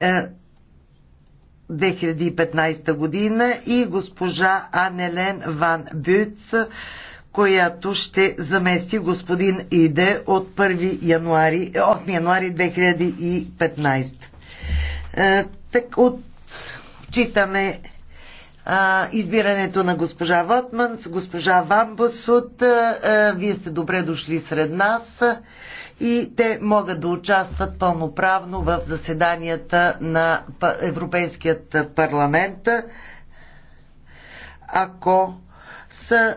2015 е, година и госпожа Анелен Ван Бюц, която ще замести господин Иде от 1 януари, 8 е, януари 2015. Е, так, читаме а, избирането на госпожа Вотманс, госпожа Вамбосут. А, вие сте добре дошли сред нас и те могат да участват пълноправно в заседанията на Европейският парламент, ако са